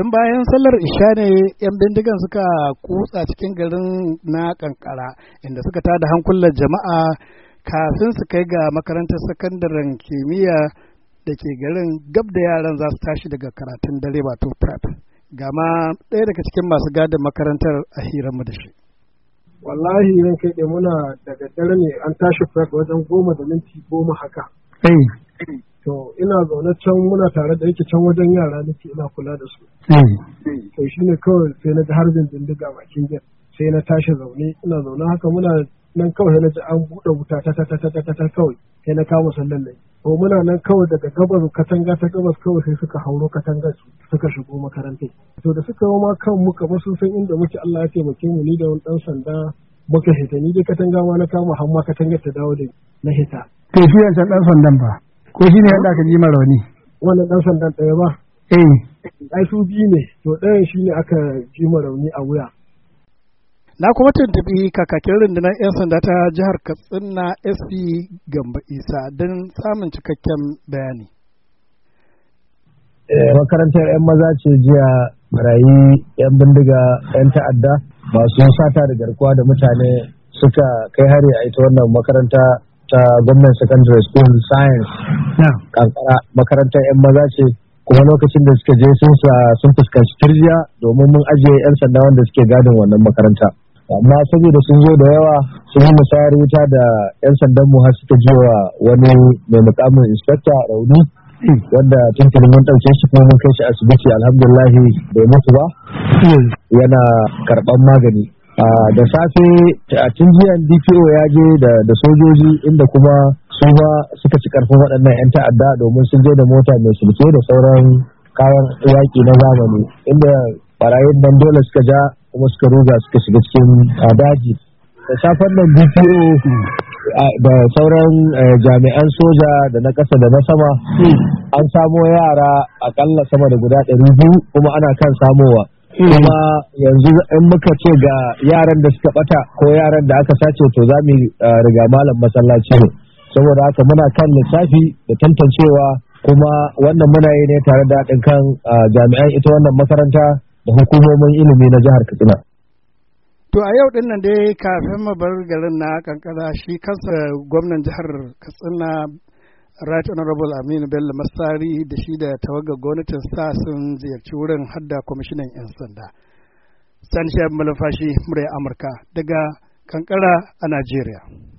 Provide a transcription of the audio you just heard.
tun bayan sallar isha ne yan bindigan suka kutsa cikin garin na kankara inda suka tada hankulan jama'a kafin su kai ga makarantar sakandaren kimiyya da ke garin gab da yaran za su tashi daga karatun dare wato prep gama ɗaya daga cikin masu gadin makarantar a hiranmu da shi wallahi ran kai muna daga dare ne an tashi prep wajen goma da minti goma haka eh. to ina zaune can muna tare da yake can wajen yara nake ina kula da su mm. to shi ne kawai sai na ji harbin dindiga bakin gate sai na tashi zaune ina zaune haka muna nan kawai na ji an buɗe wuta ta ta ta ta ta ta kawai sai na kama sallan nan to muna nan kawai daga gabas katanga ta gabas kawai sai suka hauro katanga suka shigo makaranta to da suka ma kan muka ba sun san inda muke Allah ya taimake mu ni da wani dan sanda muka hita ni dai katanga ma na kama hamma katanga ta dawo da na hita to ta ɗan sandan ba ko shi ne yadda aka ji mara rauni wannan dan sandan ɗaya ba eh ai su biyu ne to ɗayan shi ne aka ji mara rauni a wuya na kuma tuntuɓi kakakin rundunar 'yan sanda ta jihar katsina sp gamba isa don samun cikakken bayani eh, makarantar 'yan maza ce jiya barayi 'yan bindiga 'yan ta'adda masu sata da garkuwa da mutane suka kai hari a ita wannan makaranta ta gwamnan secondary school science kankara makarantar yan maza ce kuma lokacin da suka je sun sun fuskanci turjiya domin mun ajiye yan sanda wanda suke gadin wannan makaranta amma saboda sun zo da yawa sun yi musayar wuta da yan sandan mu har suka ji wa wani mai mukamin inspector rauni hmm. wanda tuntuni mun ɗauke shi kuma mun kai shi asibiti alhamdulillah bai mutu ba hmm. yana karɓan magani da safe a jiyan dpo ya je da sojoji inda kuma su ba suka ci karfin waɗannan 'yan ta'adda domin sun je da mota mai sulke da sauran kayan yaƙi na zamani inda barayin nan dole suka ja kuma suka ruga suka shiga cikin daji da safen nan dpo da sauran jami'an soja da na ƙasa da na sama an samo yara akalla sama da guda 200 kuma ana kan samowa kuma yanzu in muka ce ga yaran da suka bata ko yaran da aka sace to za mu uh, riga malam masallaci ne saboda haka muna kan lissafi da tantancewa kuma wannan muna yi ne tare da haɗin kan uh, jami'an ita wannan makaranta da hukumomin ilimi na jihar katsina To a yau din nan dai kafin mu bar garin na kankara shi kansa gwamnan jihar Katsina Right Honorable Aminu Bello Masari da shi da tawagar gwamnatin sa sun ziyarci wurin hadda kwamishinan 'yan sanda. Sani Abin Malafashi, Murai Amurka, daga kankara a Najeriya.